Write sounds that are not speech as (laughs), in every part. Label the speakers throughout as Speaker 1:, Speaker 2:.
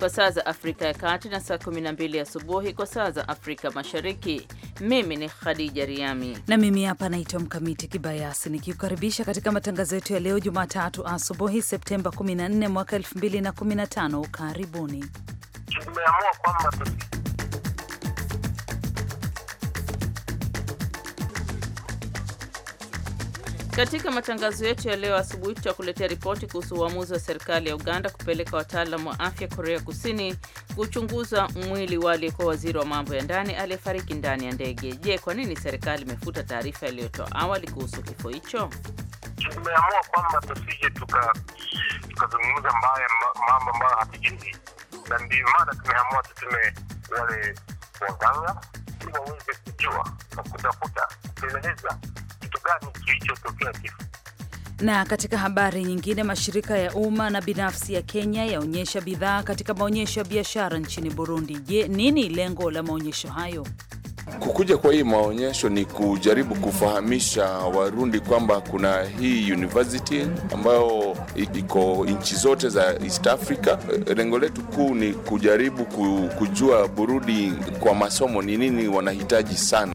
Speaker 1: kwa saa za Afrika ya Kati na saa 12 asubuhi kwa saa za Afrika Mashariki. Mimi ni Khadija Riami
Speaker 2: na mimi hapa naitwa Mkamiti Kibayasi nikiukaribisha katika matangazo yetu ya leo Jumatatu asubuhi Septemba 14 mwaka 2015. Karibuni.
Speaker 3: Tumeamua kwamba
Speaker 1: Katika matangazo yetu ya leo asubuhi tutakuletea ripoti kuhusu uamuzi wa serikali ya Uganda kupeleka wataalam wa afya Korea Kusini kuchunguza mwili wa aliyekuwa waziri wa mambo ya ndani aliyefariki ndani ya ndege. Je, kwa nini serikali imefuta taarifa iliyotoa awali kuhusu kifo hicho? Tumeamua
Speaker 3: kwamba tusije tukazungumza mbaya mambo ambayo hatujui, na ndio maana tumeamua tutume wale waganga ili waweze kujua na kutafuta kueleza kitu gani kilichotokea kifo.
Speaker 2: Na katika habari nyingine, mashirika ya umma na binafsi ya Kenya yaonyesha bidhaa katika maonyesho ya biashara nchini Burundi. Je, nini lengo la maonyesho hayo?
Speaker 4: Kukuja kwa hii maonyesho ni kujaribu kufahamisha Warundi kwamba kuna hii university ambayo iko nchi zote za East Africa. Lengo letu kuu ni kujaribu kujua Burundi kwa masomo ni nini wanahitaji sana.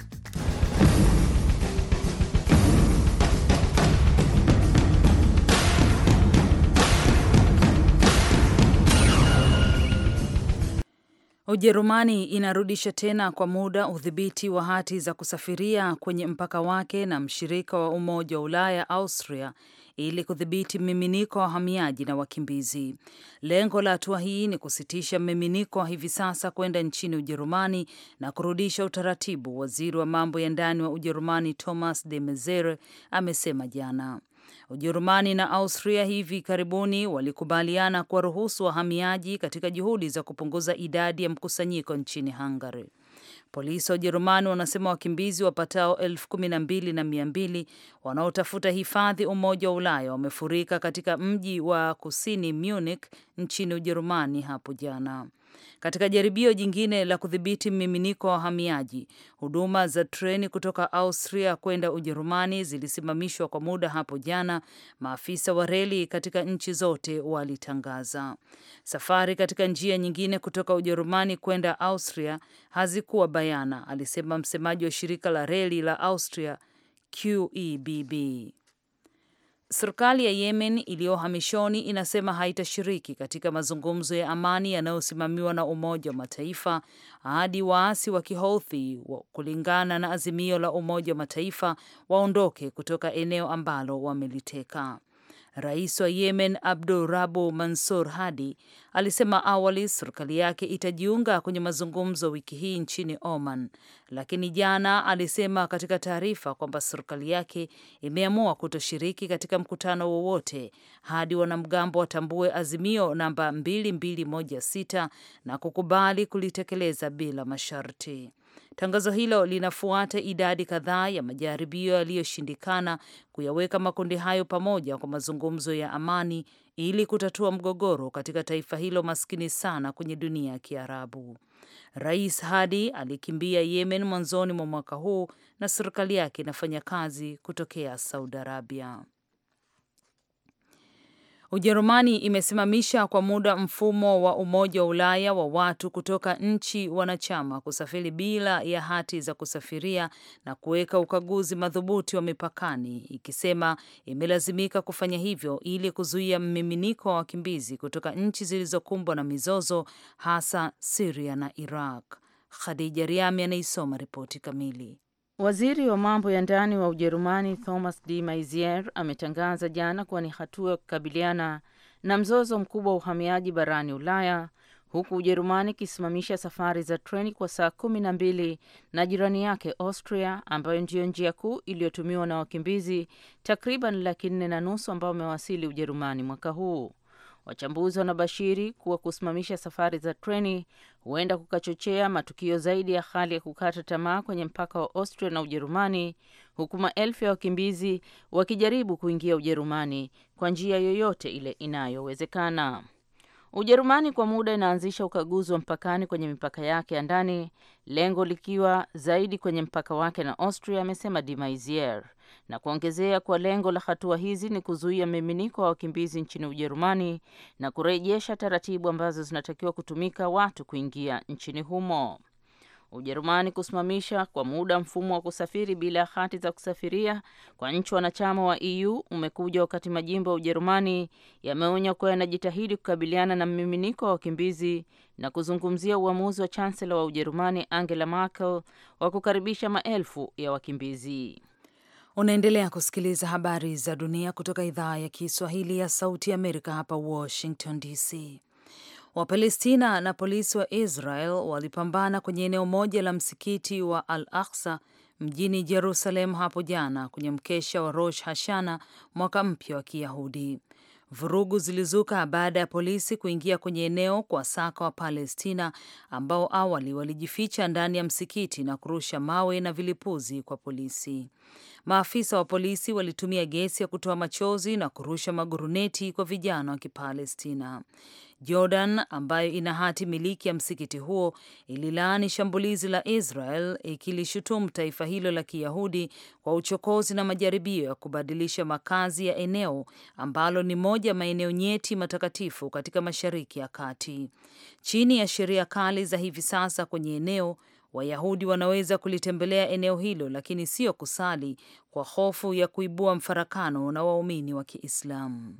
Speaker 2: Ujerumani inarudisha tena kwa muda udhibiti wa hati za kusafiria kwenye mpaka wake na mshirika wa Umoja wa Ulaya Austria ili kudhibiti mmiminiko wa wahamiaji na wakimbizi. Lengo la hatua hii ni kusitisha mmiminiko wa hivi sasa kwenda nchini Ujerumani na kurudisha utaratibu, waziri wa mambo ya ndani wa Ujerumani Thomas de Mezere amesema jana. Ujerumani na Austria hivi karibuni walikubaliana kuwaruhusu wahamiaji katika juhudi za kupunguza idadi ya mkusanyiko nchini Hungary. Polisi wa Ujerumani wanasema wakimbizi wapatao elfu kumi na mbili na mia mbili wanaotafuta hifadhi Umoja wa Ulaya wamefurika katika mji wa kusini Munich nchini Ujerumani hapo jana. Katika jaribio jingine la kudhibiti mmiminiko wa wahamiaji, huduma za treni kutoka Austria kwenda Ujerumani zilisimamishwa kwa muda hapo jana, maafisa wa reli katika nchi zote walitangaza. Safari katika njia nyingine kutoka Ujerumani kwenda Austria hazikuwa bayana, alisema msemaji wa shirika la reli la Austria QEBB. Serikali ya Yemen iliyo hamishoni inasema haitashiriki katika mazungumzo ya amani yanayosimamiwa na Umoja wa Mataifa hadi waasi wa Kihouthi kulingana na azimio la Umoja wa Mataifa waondoke kutoka eneo ambalo wameliteka. Rais wa Yemen Rabu Mansur Hadi alisema awali serikali yake itajiunga kwenye mazungumzo wiki hii nchini Oman, lakini jana alisema katika taarifa kwamba serikali yake imeamua kutoshiriki katika mkutano wowote hadi wanamgambo watambue azimio namba 2216 na kukubali kulitekeleza bila masharti. Tangazo hilo linafuata idadi kadhaa ya majaribio yaliyoshindikana kuyaweka makundi hayo pamoja kwa mazungumzo ya amani ili kutatua mgogoro katika taifa hilo maskini sana kwenye dunia ya Kiarabu. Rais Hadi alikimbia Yemen mwanzoni mwa mwaka huu na serikali yake inafanya kazi kutokea Saudi Arabia. Ujerumani imesimamisha kwa muda mfumo wa Umoja wa Ulaya wa watu kutoka nchi wanachama kusafiri bila ya hati za kusafiria na kuweka ukaguzi madhubuti wa mipakani, ikisema imelazimika kufanya hivyo ili kuzuia mmiminiko wa wakimbizi kutoka nchi zilizokumbwa na mizozo, hasa Siria na Iraq. Khadija Riami anaisoma ripoti kamili. Waziri wa mambo ya ndani wa Ujerumani Thomas de maisier
Speaker 1: ametangaza jana kuwa ni hatua ya kukabiliana na mzozo mkubwa wa uhamiaji barani Ulaya, huku Ujerumani ikisimamisha safari za treni kwa saa kumi na mbili na jirani yake Austria, ambayo ndiyo njia kuu iliyotumiwa na wakimbizi takriban laki nne na nusu ambao wamewasili Ujerumani mwaka huu. Wachambuzi wanabashiri kuwa kusimamisha safari za treni huenda kukachochea matukio zaidi ya hali ya kukata tamaa kwenye mpaka wa Austria na Ujerumani, huku maelfu ya wakimbizi wakijaribu kuingia Ujerumani kwa njia yoyote ile inayowezekana. Ujerumani kwa muda inaanzisha ukaguzi wa mpakani kwenye mipaka yake ya ndani, lengo likiwa zaidi kwenye mpaka wake na Austria, amesema De Maizière, na kuongezea kwa lengo la hatua hizi ni kuzuia mmiminiko wa wakimbizi nchini Ujerumani na kurejesha taratibu ambazo zinatakiwa kutumika watu kuingia nchini humo. Ujerumani kusimamisha kwa muda mfumo wa kusafiri bila hati za kusafiria kwa nchi wanachama wa EU umekuja wakati majimbo ya Ujerumani yameonya kuwa yanajitahidi kukabiliana na mmiminiko wa wakimbizi na kuzungumzia uamuzi wa chansela wa Ujerumani Angela Merkel wa kukaribisha maelfu ya wakimbizi.
Speaker 2: Unaendelea kusikiliza habari za dunia kutoka idhaa ya Kiswahili ya Sauti ya Amerika hapa Washington DC. Wapalestina na polisi wa Israel walipambana kwenye eneo moja la msikiti wa Al Aksa mjini Jerusalem hapo jana kwenye mkesha wa Rosh Hashana, mwaka mpya wa Kiyahudi. Vurugu zilizuka baada ya polisi kuingia kwenye eneo kwa saka wa Palestina ambao awali walijificha ndani ya msikiti na kurusha mawe na vilipuzi kwa polisi. Maafisa wa polisi walitumia gesi ya kutoa machozi na kurusha maguruneti kwa vijana wa Kipalestina. Jordan ambayo ina hati miliki ya msikiti huo ililaani shambulizi la Israel ikilishutumu taifa hilo la Kiyahudi kwa uchokozi na majaribio ya kubadilisha makazi ya eneo ambalo ni moja ya maeneo nyeti matakatifu katika Mashariki ya Kati. Chini ya sheria kali za hivi sasa kwenye eneo, Wayahudi wanaweza kulitembelea eneo hilo, lakini sio kusali kwa hofu ya kuibua mfarakano na waumini wa Kiislamu.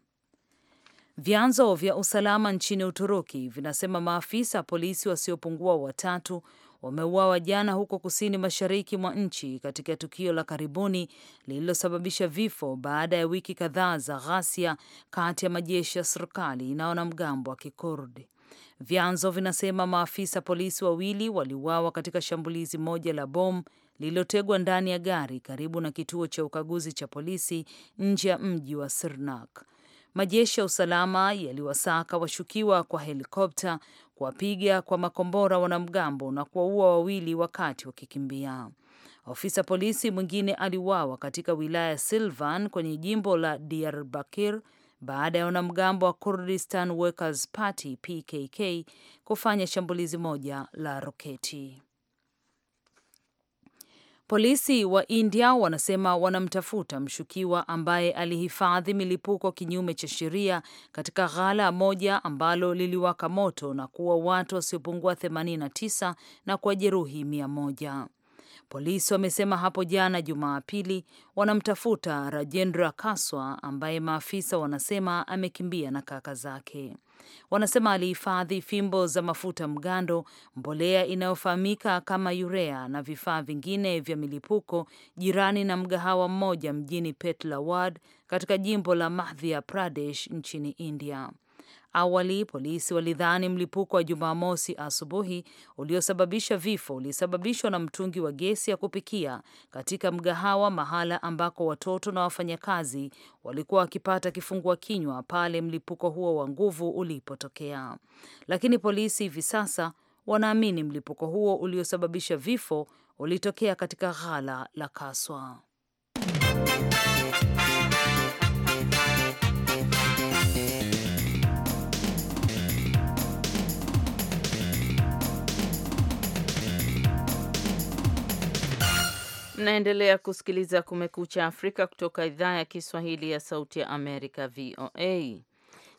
Speaker 2: Vyanzo vya usalama nchini Uturuki vinasema maafisa polisi wasiopungua watatu wameuawa jana huko kusini mashariki mwa nchi katika tukio la karibuni lililosababisha vifo baada ya wiki kadhaa za ghasia kati ya majeshi ya serikali na wanamgambo wa Kikurdi. Vyanzo vinasema maafisa polisi wawili waliuawa katika shambulizi moja la bomu lililotegwa ndani ya gari karibu na kituo cha ukaguzi cha polisi nje ya mji wa Sirnak. Majeshi ya usalama yaliwasaka washukiwa kwa helikopta, kuwapiga kwa makombora wanamgambo na kuwaua wawili wakati wakikimbia. Ofisa polisi mwingine aliuawa katika wilaya Silvan kwenye jimbo la Diyarbakir baada ya wanamgambo wa Kurdistan Workers Party PKK kufanya shambulizi moja la roketi. Polisi wa India wanasema wanamtafuta mshukiwa ambaye alihifadhi milipuko kinyume cha sheria katika ghala moja ambalo liliwaka moto na kuua watu wasiopungua 89 na kuwajeruhi mia moja. Polisi wamesema hapo jana Jumapili wanamtafuta Rajendra Kaswa ambaye maafisa wanasema amekimbia na kaka zake. Wanasema alihifadhi fimbo za mafuta mgando, mbolea inayofahamika kama urea na vifaa vingine vya milipuko jirani na mgahawa mmoja mjini Petla Ward katika jimbo la Madhya Pradesh nchini India. Awali polisi walidhani mlipuko wa Jumamosi asubuhi uliosababisha vifo ulisababishwa na mtungi wa gesi ya kupikia katika mgahawa, mahala ambako watoto na wafanyakazi walikuwa wakipata kifungua kinywa pale mlipuko huo wa nguvu ulipotokea, lakini polisi hivi sasa wanaamini mlipuko huo uliosababisha vifo ulitokea katika ghala la Kaswa.
Speaker 1: Mnaendelea kusikiliza Kumekucha Afrika kutoka idhaa ya Kiswahili ya Sauti ya Amerika, VOA.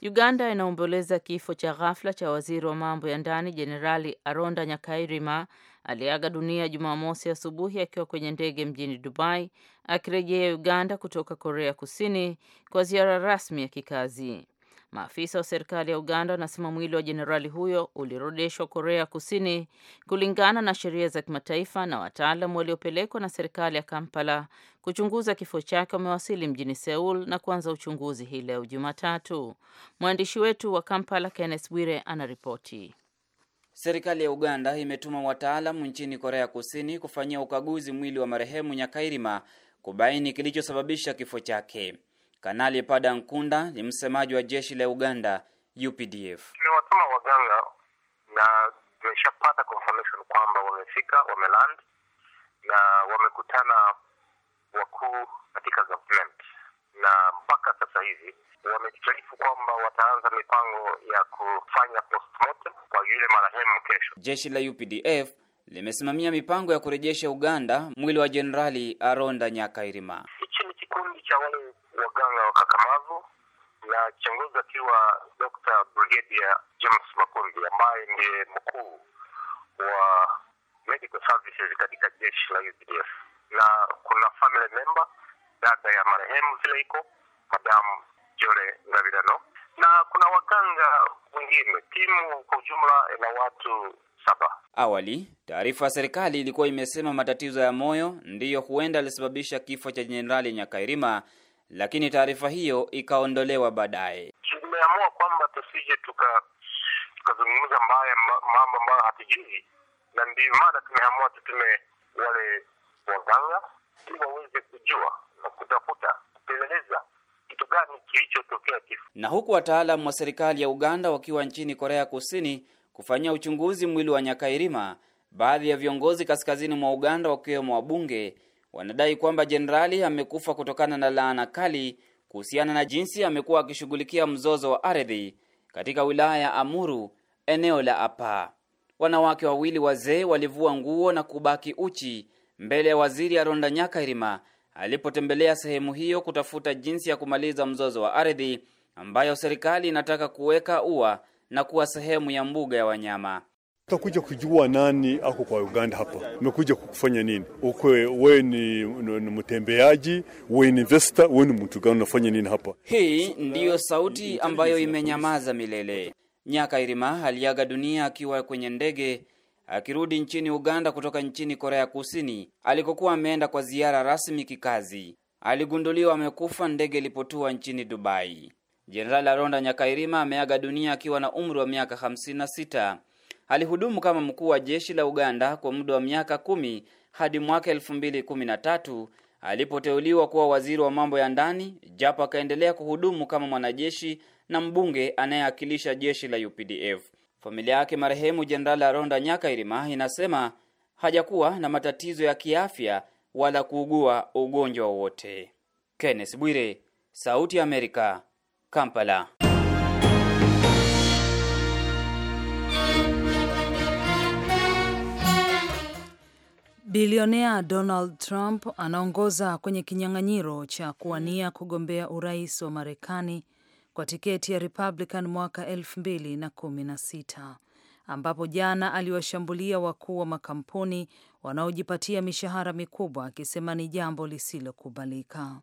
Speaker 1: Uganda inaomboleza kifo cha ghafla cha waziri wa mambo ya ndani Jenerali Aronda Nyakairima aliyeaga dunia Jumamosi asubuhi akiwa kwenye ndege mjini Dubai akirejea Uganda kutoka Korea Kusini kwa ziara rasmi ya kikazi. Maafisa wa serikali ya Uganda wanasema mwili wa jenerali huyo ulirudishwa Korea Kusini kulingana na sheria za kimataifa, na wataalamu waliopelekwa na serikali ya Kampala kuchunguza kifo chake wamewasili mjini Seul na kuanza uchunguzi hii leo Jumatatu. Mwandishi wetu wa Kampala Kenneth Bwire anaripoti.
Speaker 3: Serikali ya Uganda imetuma wataalamu nchini Korea Kusini kufanyia ukaguzi mwili wa marehemu Nyakairima kubaini kilichosababisha kifo chake. Kanali Pada Nkunda ni msemaji wa jeshi la Uganda UPDF. Tumewatuma waganga na tumeshapata confirmation kwamba wamefika, wameland na wamekutana wakuu katika government, na mpaka sasa hivi wametarifu kwamba wataanza mipango ya kufanya postmortem kwa yule marehemu kesho. Jeshi la UPDF limesimamia mipango ya kurejesha Uganda mwili wa Jenerali Aronda Nyakairima. Hichi ni kikundi cha wale Kakamavu na kiongozi akiwa Dr. Brigedia James Makundi ambaye ndiye mkuu wa medical services katika jeshi la UPDF, na kuna family member dada ya marehemu vile iko madamu Jole Ngavirano, na kuna waganga wengine. Timu kwa ujumla ina watu saba. Awali taarifa ya serikali ilikuwa imesema matatizo ya moyo ndiyo huenda alisababisha kifo cha Jenerali Nyakairima lakini taarifa hiyo ikaondolewa baadaye. Tumeamua kwamba tusije tukazungumza tuka mbaya mambo ambayo hatujui, na ndiyo maana tumeamua tutume wale waganga ili waweze kujua na kutafuta kupeleleza kitu gani kilichotokea kifo. Na huku wataalamu wa serikali ya Uganda wakiwa nchini Korea Kusini kufanyia uchunguzi mwili wa Nyakairima, baadhi ya viongozi kaskazini mwa Uganda wakiwemo wabunge wanadai kwamba jenerali amekufa kutokana na laana kali kuhusiana na jinsi amekuwa akishughulikia mzozo wa ardhi katika wilaya ya Amuru, eneo la Apa. Wanawake wawili wazee walivua nguo na kubaki uchi mbele ya waziri Aronda Nyakairima alipotembelea sehemu hiyo kutafuta jinsi ya kumaliza mzozo wa ardhi ambayo serikali inataka kuweka ua na kuwa sehemu ya mbuga ya wanyama
Speaker 4: utakuja kujua nani ako kwa Uganda hapa, umekuja kufanya nini? Uko wewe ni, ni mtembeaji, wewe ni investor, wewe ni mtu gani, unafanya nini hapa?
Speaker 3: Hii ndiyo sauti ambayo imenyamaza milele. Nyaka Irima aliaga dunia akiwa kwenye ndege akirudi nchini Uganda kutoka nchini Korea Kusini alikokuwa ameenda kwa ziara rasmi kikazi. Aligunduliwa amekufa ndege ilipotua nchini Dubai. Jenerali Aronda Nyakairima ameaga dunia akiwa na umri wa miaka 56 Alihudumu kama mkuu wa jeshi la Uganda kwa muda wa miaka kumi hadi mwaka tatu alipoteuliwa kuwa waziri wa mambo ya ndani, japo akaendelea kuhudumu kama mwanajeshi na mbunge anayeakilisha jeshi la UPDF. Familia yake marehemu Jenerali Aronda Nyakairima inasema hajakuwa na matatizo ya kiafya wala kuugua ugonjwa wowote. Kenneth Bwire, Sauti ya Amerika, Kampala.
Speaker 2: Bilionea Donald Trump anaongoza kwenye kinyang'anyiro cha kuwania kugombea urais wa Marekani kwa tiketi ya Republican mwaka elfu mbili na kumi na sita ambapo jana aliwashambulia wakuu wa makampuni wanaojipatia mishahara mikubwa akisema ni jambo lisilokubalika.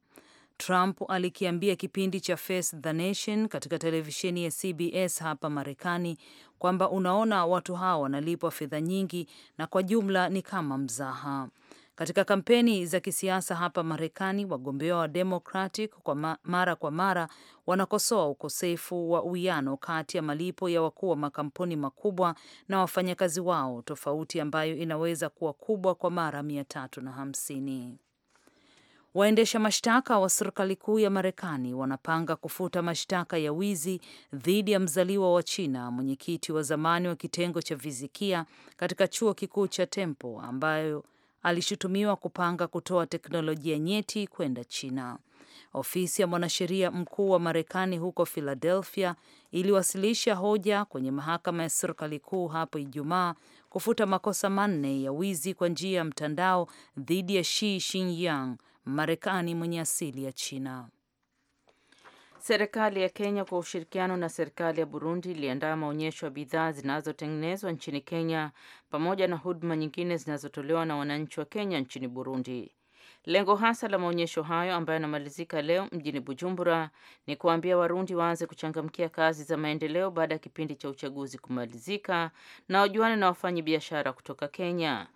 Speaker 2: Trump alikiambia kipindi cha Face the Nation katika televisheni ya CBS hapa Marekani kwamba unaona watu hawa wanalipwa fedha nyingi na kwa jumla ni kama mzaha. Katika kampeni za kisiasa hapa Marekani, wagombea wa Democratic kwa mara kwa mara wanakosoa ukosefu wa uwiano kati ya malipo ya wakuu wa makampuni makubwa na wafanyakazi wao, tofauti ambayo inaweza kuwa kubwa kwa mara mia tatu na hamsini. Waendesha mashtaka wa serikali kuu ya Marekani wanapanga kufuta mashtaka ya wizi dhidi ya mzaliwa wa China, mwenyekiti wa zamani wa kitengo cha fizikia katika chuo kikuu cha Temple, ambayo alishutumiwa kupanga kutoa teknolojia nyeti kwenda China. Ofisi ya mwanasheria mkuu wa Marekani huko Philadelphia iliwasilisha hoja kwenye mahakama ya serikali kuu hapo Ijumaa kufuta makosa manne ya wizi kwa njia ya mtandao dhidi ya Shi Shinyang, Marekani mwenye asili ya China. Serikali
Speaker 1: ya Kenya kwa ushirikiano na serikali ya Burundi iliandaa maonyesho ya bidhaa zinazotengenezwa nchini Kenya pamoja na huduma nyingine zinazotolewa na wananchi wa Kenya nchini Burundi. Lengo hasa la maonyesho hayo ambayo yanamalizika leo mjini Bujumbura ni kuambia Warundi waanze kuchangamkia kazi za maendeleo baada ya kipindi cha uchaguzi kumalizika na wajuane na wafanyi biashara kutoka Kenya.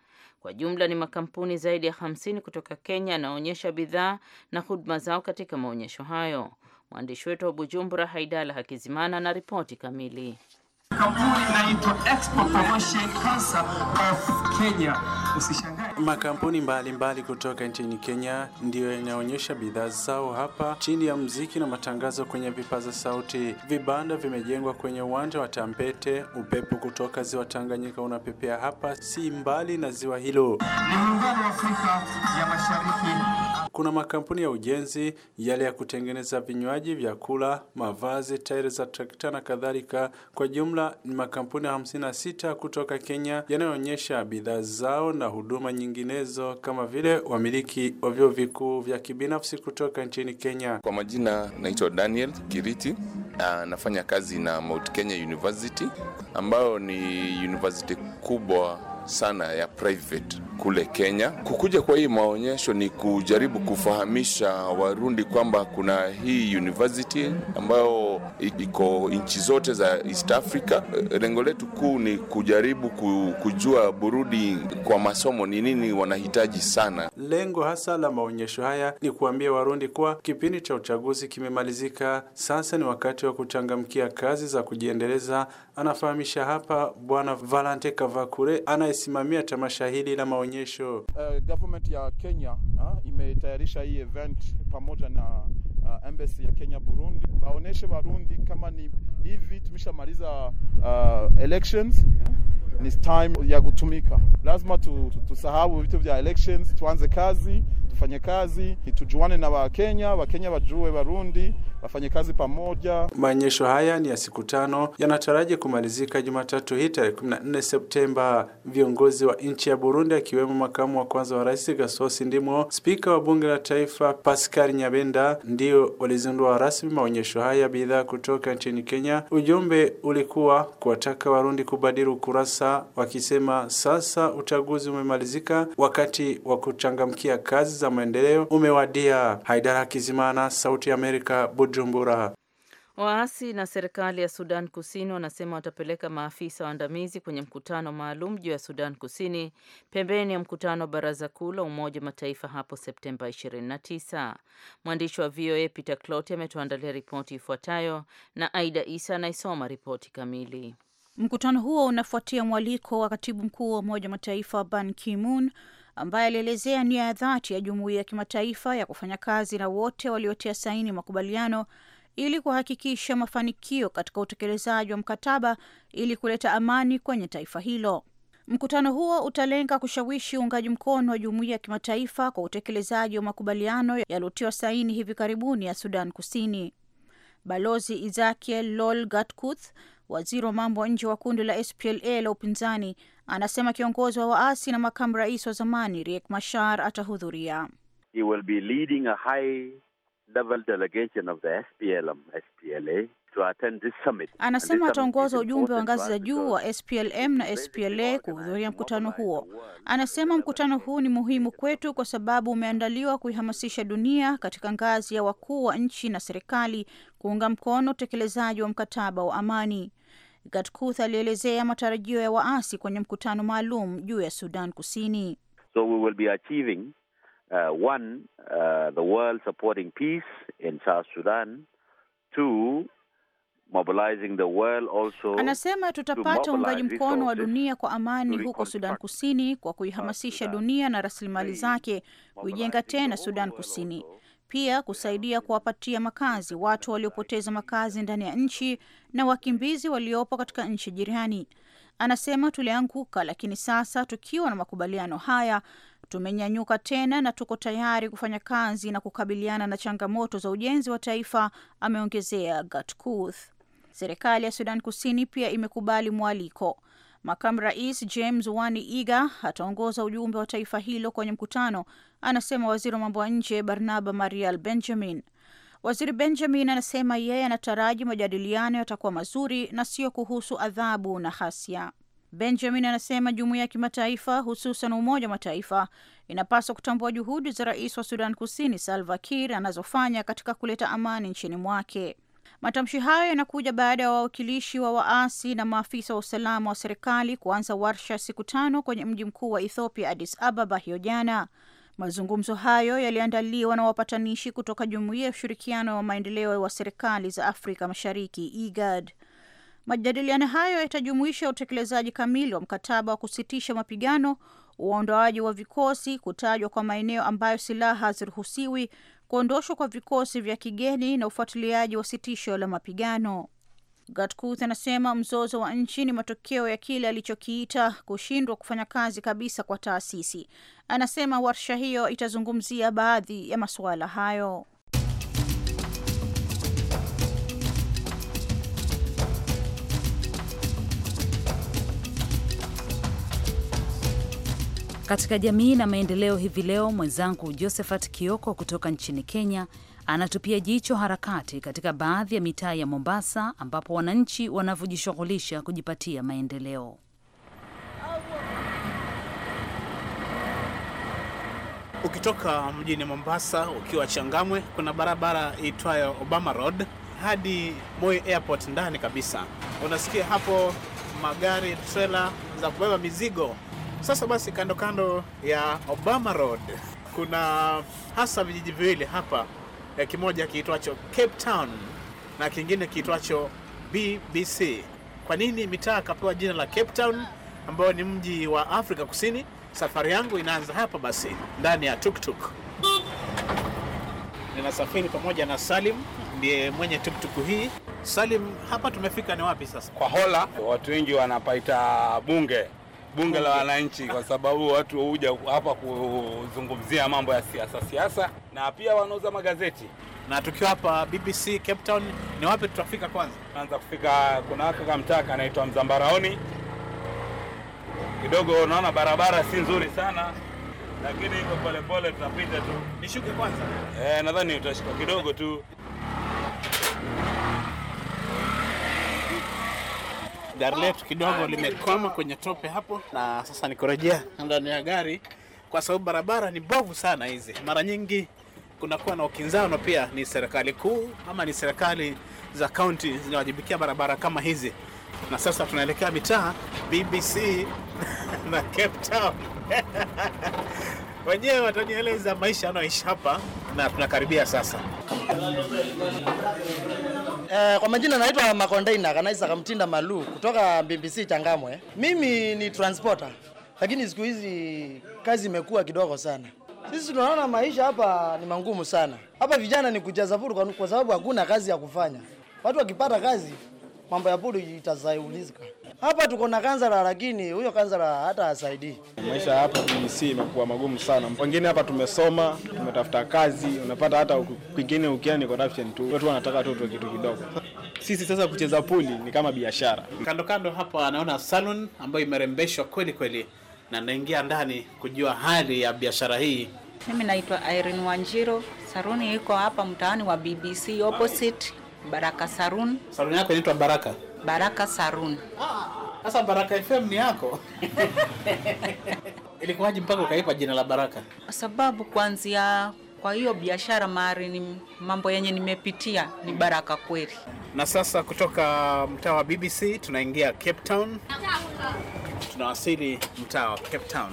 Speaker 1: Kwa jumla ni makampuni zaidi ya 50 kutoka Kenya yanaonyesha bidhaa na huduma zao katika maonyesho hayo. Mwandishi wetu wa Bujumbura, Haidala Hakizimana, na ripoti kamili.
Speaker 5: Kampuni inaitwa Expo Promotion Council of Kenya. Makampuni mbalimbali mbali kutoka nchini Kenya ndiyo yanaonyesha bidhaa zao hapa chini ya mziki na matangazo kwenye vipaza sauti. Vibanda vimejengwa kwenye uwanja wa Tampete. Upepo kutoka ziwa Tanganyika unapepea hapa, si mbali na ziwa hilo. kuna makampuni ya ujenzi, yale ya kutengeneza vinywaji, vyakula, mavazi, tairi za trakta na kadhalika. Kwa jumla ni makampuni 56 kutoka Kenya yanayoonyesha bidhaa zao na huduma nyinginezo kama vile wamiliki wa vyuo vikuu vya kibinafsi kutoka nchini Kenya. Kwa majina naitwa Daniel Kiriti, anafanya kazi na Mount Kenya University ambayo ni
Speaker 4: university kubwa sana ya private kule Kenya. Kukuja kwa hii maonyesho ni kujaribu kufahamisha Warundi kwamba kuna hii university ambayo iko nchi zote za East Africa. Lengo letu kuu ni kujaribu kujua Burundi kwa masomo ni nini wanahitaji sana.
Speaker 5: Lengo hasa la maonyesho haya ni kuambia Warundi kuwa kipindi cha uchaguzi kimemalizika, sasa ni wakati wa kuchangamkia kazi za kujiendeleza. Anafahamisha hapa Bwana Valante Kavakure anayesimamia tamasha hili la maonyesho. Uh,
Speaker 4: government ya Kenya uh, imetayarisha hii event pamoja na uh, embassy ya Kenya Burundi, waoneshe Warundi kama ni hivi tumeshamaliza uh, elections ni time ya kutumika. Lazima tusahau tu, tu vitu vya elections, tuanze kazi tufanye kazi, tujuane na Wakenya, Wakenya wajue Warundi, wafanye kazi pamoja.
Speaker 5: Maonyesho haya ni ya siku tano, yanataraji kumalizika Jumatatu hii tarehe 14 Septemba. Viongozi wa nchi ya Burundi akiwemo makamu wa kwanza wa rais Gasosi Ndimo, spika wa bunge la taifa Pascal Nyabenda ndio walizindua rasmi maonyesho haya bidhaa kutoka nchini Kenya. Ujumbe ulikuwa kuwataka Warundi kubadili ukurasa, wakisema sasa uchaguzi umemalizika, wakati wa kuchangamkia kazi za maendeleo umewadia. Haidara Kizimana, Sauti ya Amerika, Bujumbura.
Speaker 1: Waasi na serikali ya Sudan Kusini wanasema watapeleka maafisa waandamizi kwenye mkutano maalum juu ya Sudan Kusini pembeni ya mkutano wa Baraza Kuu la Umoja wa Mataifa hapo Septemba 29. Mwandishi wa VOA Peter Cloti ametuandalia ripoti ifuatayo na Aida Isa anaisoma ripoti kamili.
Speaker 6: Mkutano huo unafuatia mwaliko wa katibu mkuu wa Umoja wa Mataifa Ban Ki-moon ambaye alielezea nia ya dhati ya jumuiya ya kimataifa ya kufanya kazi na wote waliotia saini makubaliano ili kuhakikisha mafanikio katika utekelezaji wa mkataba ili kuleta amani kwenye taifa hilo. Mkutano huo utalenga kushawishi uungaji mkono wa jumuiya ya kimataifa kwa utekelezaji wa makubaliano yaliyotiwa saini hivi karibuni ya Sudan Kusini. Balozi Izakiel Lol Gatkuth Waziri wa mambo ya nje wa kundi la SPLA la upinzani anasema kiongozi wa waasi na makamu rais wa zamani Riek Machar atahudhuria.
Speaker 3: He will be leading a high level delegation of the SPLM, um, SPLA Anasema ataongoza ujumbe wa ngazi za juu
Speaker 6: wa SPLM na SPLA kuhudhuria mkutano huo. Anasema mkutano huu ni muhimu kwetu kwa sababu umeandaliwa kuihamasisha dunia katika ngazi ya wakuu wa nchi na serikali kuunga mkono utekelezaji wa mkataba wa amani. Gatkuth alielezea matarajio ya waasi kwenye mkutano maalum juu ya Sudan Kusini.
Speaker 3: So we will be achieving uh, one, uh, the world supporting peace in South Sudan. Two, mobilizing the world also. Anasema
Speaker 6: tutapata uungaji mkono wa dunia kwa amani huko Sudan Kusini kwa kuihamasisha dunia na rasilimali zake kuijenga tena Sudan Kusini, pia kusaidia kuwapatia makazi watu waliopoteza makazi ndani ya nchi na wakimbizi waliopo katika nchi jirani. Anasema tulianguka, lakini sasa tukiwa na makubaliano haya tumenyanyuka tena na tuko tayari kufanya kazi na kukabiliana na changamoto za ujenzi wa taifa, ameongezea Gatkuth. Serikali ya Sudan Kusini pia imekubali mwaliko. Makamu Rais James Wani Iga ataongoza ujumbe wa taifa hilo kwenye mkutano, anasema waziri wa mambo ya nje Barnaba Marial Benjamin. Waziri Benjamin anasema yeye anataraji majadiliano yatakuwa mazuri na sio kuhusu adhabu na ghasia. Benjamin anasema jumuiya ya kimataifa hususan Umoja wa Mataifa inapaswa kutambua juhudi za rais wa Sudan Kusini Salva Kiir anazofanya katika kuleta amani nchini mwake. Matamshi hayo yanakuja baada ya wawakilishi wa waasi na maafisa wa usalama wa serikali kuanza warsha siku tano kwenye mji mkuu wa Ethiopia, Addis Ababa, hiyo jana. Mazungumzo hayo yaliandaliwa na wapatanishi kutoka Jumuiya ya Ushirikiano wa Maendeleo wa Serikali za Afrika Mashariki, IGAD. E Majadiliano hayo yatajumuisha utekelezaji kamili wa mkataba wa kusitisha mapigano, uondoaji wa vikosi, kutajwa kwa maeneo ambayo silaha haziruhusiwi, kuondoshwa kwa vikosi vya kigeni na ufuatiliaji wa sitisho la mapigano. Gatkuth anasema mzozo wa nchi ni matokeo ya kile alichokiita kushindwa kufanya kazi kabisa kwa taasisi. Anasema warsha hiyo itazungumzia baadhi ya masuala hayo.
Speaker 2: Katika jamii na maendeleo hivi leo, mwenzangu Josephat Kioko kutoka nchini Kenya anatupia jicho harakati katika baadhi ya mitaa ya Mombasa ambapo wananchi wanavyojishughulisha kujipatia maendeleo.
Speaker 4: Ukitoka mjini Mombasa ukiwa Changamwe, kuna barabara iitwayo Obama Road hadi Moi Airport ndani kabisa. Unasikia hapo magari trela za kubeba mizigo sasa basi, kando kando ya Obama Road kuna hasa vijiji viwili hapa, eh, kimoja kiitwacho Cape Town na kingine kiitwacho BBC. Kwa nini mitaa akapewa jina la Cape Town ambayo ni mji wa Afrika Kusini? Safari yangu inaanza hapa basi, ndani ya tuktuk Ninasafiri pamoja na Salim, ndiye mwenye tuktuku hii. Salim, hapa tumefika ni wapi sasa? Kwa Hola watu wengi wanapaita Bunge bunge la wananchi, kwa sababu watu huja hapa kuzungumzia mambo ya siasa siasa, na pia wanauza magazeti. Na tukiwa hapa BBC Cape Town, ni wapi tutafika kwanza? Kwanza kufika kuna waka kamtaka anaitwa Mzambaraoni. Kidogo unaona barabara si nzuri sana, lakini iko polepole, tutapita tu. Nishuke kwanza? Eh, nadhani utashuka kidogo tu. gari letu kidogo limekwama kwenye tope hapo, na sasa nikurejea ndani ya gari kwa sababu barabara ni bovu sana. Hizi mara nyingi kunakuwa na ukinzano pia, ni serikali kuu ama ni serikali za kaunti zinawajibikia barabara kama hizi, na sasa tunaelekea mitaa BBC (laughs) na Cape Town (laughs) wenyewe watanieleza maisha anaoishi hapa, na tunakaribia sasa Eh, kwa majina naitwa Makondaina Kanaisa Kamtinda Malu kutoka BBC Changamwe. Mimi ni transporter. Lakini siku hizi kazi imekuwa kidogo sana. Sisi tunaona maisha hapa ni mangumu sana. Hapa vijana ni kujaza puru kwa sababu hakuna kazi ya kufanya. Watu wakipata kazi mambo ya puru itazaiulizika. Hapa tuko na kansala lakini huyo kansala hata hasaidii. Maisha hapa DC imekuwa magumu sana. Wengine hapa tumesoma, tumetafuta kazi, unapata hata kwingine ni corruption tu. Watu wanataka tu kitu kidogo. Sisi sasa kucheza puli ni kama biashara. Kando kando hapa naona salon ambayo imerembeshwa kweli kweli na naingia ndani kujua hali ya biashara hii.
Speaker 1: Mimi naitwa Irene Wanjiro. Saruni iko hapa mtaani wa BBC opposite Baraka Saruni.
Speaker 4: Saruni yako inaitwa Baraka?
Speaker 1: Baraka Saruni. Ah, sasa ah, Baraka
Speaker 4: FM ni yako?
Speaker 1: (laughs)
Speaker 4: Ilikuwaje mpaka ukaipa jina la Baraka?
Speaker 1: Kwa sababu kuanzia kwa hiyo biashara mari ni mambo yenye nimepitia ni baraka
Speaker 4: kweli. Na sasa kutoka mtaa wa BBC tunaingia Cape Town, tunawasili mtaa wa Cape Town.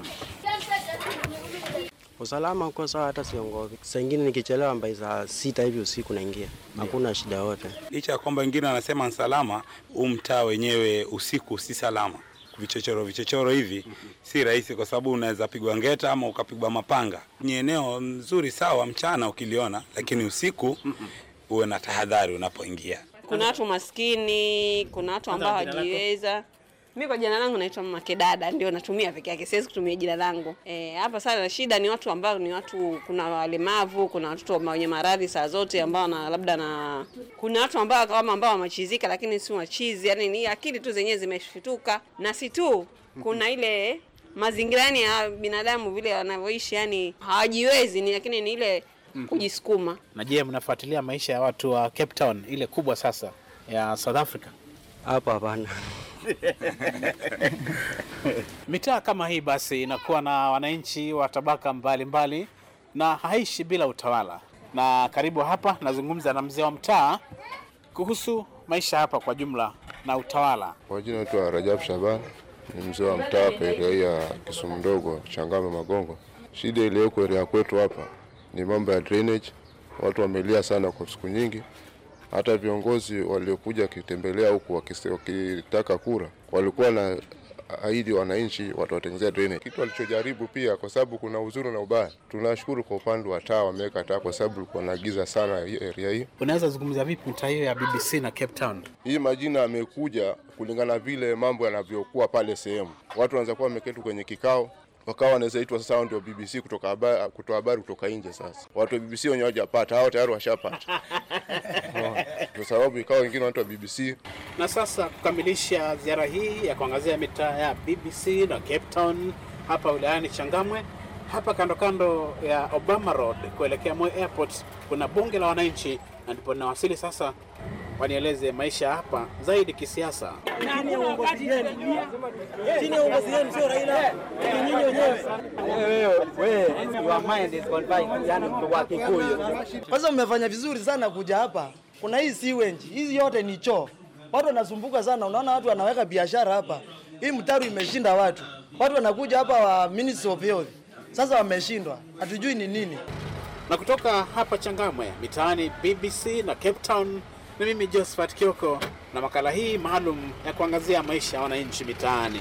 Speaker 4: Usalama uko sawa, hata siongopi. Saa nikichelewa mbai saa sita hivi usiku naingia, hakuna shida yote. Licha ya kwamba wengine wanasema nsalama, huu mtaa wenyewe usiku si salama vichochoro vichochoro hivi mm -hmm. Si rahisi kwa sababu unaweza pigwa ngeta ama ukapigwa mapanga. Ni eneo nzuri sawa mchana ukiliona, lakini usiku mm -hmm. Uwe na tahadhari
Speaker 3: unapoingia. Kuna
Speaker 1: watu maskini, kuna watu ambao hawajiweza, mimi kwa jina langu naitwa Mama Kedada, ndio natumia peke yake, siwezi kutumia jina langu e, hapa e. Sana shida ni watu ambao ni watu, kuna walemavu, kuna watoto wenye maradhi saa zote ambao na labda na kuna watu ambao kama ambao wamechizika, lakini si wachizi, yani ni akili tu zenyewe zimeshituka, na si tu kuna ile mazingira yani ya binadamu vile wanavyoishi, yani hawajiwezi ni, lakini ni ile mhm. kujisukuma.
Speaker 4: Na je, mnafuatilia maisha ya watu wa Cape Town ile kubwa sasa ya South Africa? Hapa hapana (laughs) Mitaa kama hii basi inakuwa na wananchi wa tabaka mbalimbali mbali, na haishi bila utawala. Na karibu hapa nazungumza na mzee wa mtaa kuhusu maisha hapa kwa jumla na utawala. Kwa jina naitwa rajab shaban ni mzee wa mtaa hapa area ya Kisumu ndogo, Changame Magongo. Shida iliyoko eria kwetu hapa ni mambo ya drainage, watu wamelia sana kwa siku nyingi hata viongozi waliokuja wakitembelea huku wakitaka kura walikuwa na aidi wananchi watawatengezea drainage, kitu alichojaribu pia, kwa sababu kuna uzuri na ubaya. Tunashukuru kwa upande wa taa wameweka taa, kwa sababu na giza sana area hii. Unaweza zungumza vipi nta hiyo ya BBC na Cape Town? Hii majina yamekuja kulingana vile mambo yanavyokuwa pale sehemu, watu wanaanza kuwa wameketi kwenye kikao wakawa wanawezaitwa sasa, hao ndio BBC kutoka habari, kutoa habari kutoka nje. Sasa watu wa BBC wenyewe hawajapata, hao tayari washapata kwa (laughs) sababu ikawa wengine watu wa BBC. Na sasa kukamilisha ziara hii ya kuangazia mitaa ya BBC na Cape Town hapa wilayani Changamwe, hapa kando kando ya Obama Road kuelekea Moi Airport kuna bunge la wananchi, na ndipo ninawasili sasa wanieleze maisha hapa zaidi kisiasa. Chini ya uongozi
Speaker 3: wenu sio Raila, ni nyinyi wenyewe. Kwanza
Speaker 4: mmefanya vizuri sana kuja hapa. Kuna hii siwenji, hizi yote ni choo. Watu wanasumbuka sana, unaona watu wanaweka biashara hapa. Hii mtaru imeshinda watu, watu wanakuja hapa wa Ministry of Health, sasa wameshindwa, hatujui ni nini. Na kutoka hapa Changamwe, mitaani BBC na Cape Town na mimi Josephat Kioko na makala hii maalum ya kuangazia maisha ya wananchi mitaani.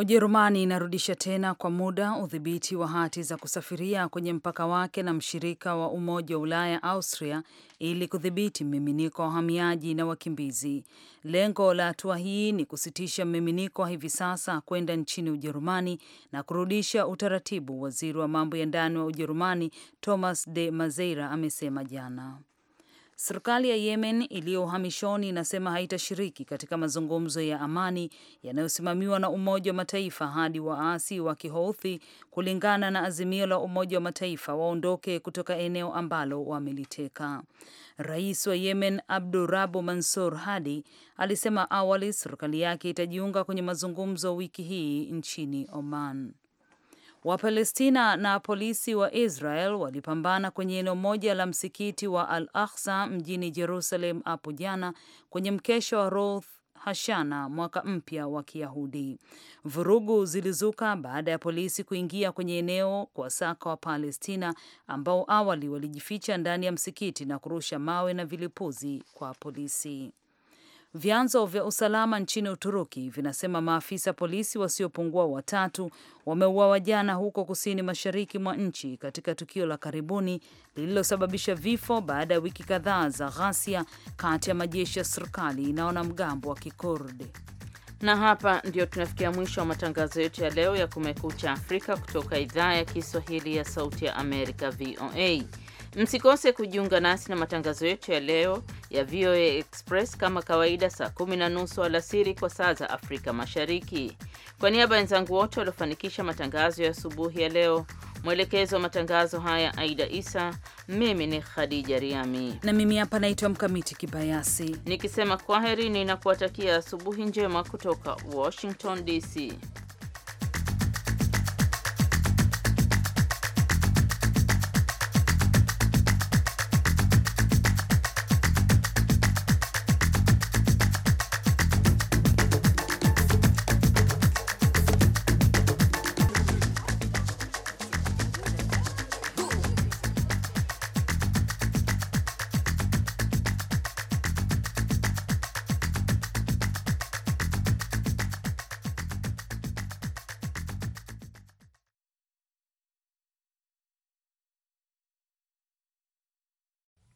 Speaker 2: Ujerumani inarudisha tena kwa muda udhibiti wa hati za kusafiria kwenye mpaka wake na mshirika wa Umoja wa Ulaya Austria ili kudhibiti mmiminiko wa wahamiaji na wakimbizi. Lengo la hatua hii ni kusitisha mmiminiko wa hivi sasa kwenda nchini Ujerumani na kurudisha utaratibu, waziri wa mambo ya ndani wa Ujerumani Thomas de Mazeira amesema jana. Serikali ya Yemen iliyo uhamishoni inasema haitashiriki katika mazungumzo ya amani yanayosimamiwa na Umoja wa Mataifa hadi waasi wa Kihouthi, kulingana na azimio la Umoja wa Mataifa, waondoke kutoka eneo ambalo wameliteka. Rais wa Yemen Abdurabu Mansur Hadi alisema awali serikali yake itajiunga kwenye mazungumzo wiki hii nchini Oman. Wapalestina na polisi wa Israel walipambana kwenye eneo moja la msikiti wa Al Aksa mjini Jerusalem hapo jana kwenye mkesha wa Rosh Hashana, mwaka mpya wa Kiyahudi. Vurugu zilizuka baada ya polisi kuingia kwenye eneo kuwasaka Wapalestina ambao awali walijificha ndani ya msikiti na kurusha mawe na vilipuzi kwa polisi. Vyanzo vya usalama nchini Uturuki vinasema maafisa polisi wasiopungua watatu wameuawa jana huko kusini mashariki mwa nchi katika tukio la karibuni lililosababisha vifo baada ya wiki kadhaa za ghasia kati ya majeshi ya serikali na wanamgambo wa Kikurdi. Na hapa ndio tunafikia mwisho wa matangazo yetu ya leo ya Kumekucha
Speaker 1: Afrika kutoka idhaa ya Kiswahili ya Sauti ya Amerika, VOA. Msikose kujiunga nasi na matangazo yetu ya leo ya VOA Express kama kawaida, saa kumi na nusu alasiri kwa saa za Afrika Mashariki. Kwa niaba ya wenzangu wote waliofanikisha matangazo ya asubuhi ya leo, mwelekezo wa matangazo haya Aida Isa, mimi ni Khadija Riami
Speaker 2: na mimi hapa naitwa Mkamiti Kibayasi
Speaker 1: nikisema kwaheri, ninakuwatakia asubuhi njema kutoka Washington DC.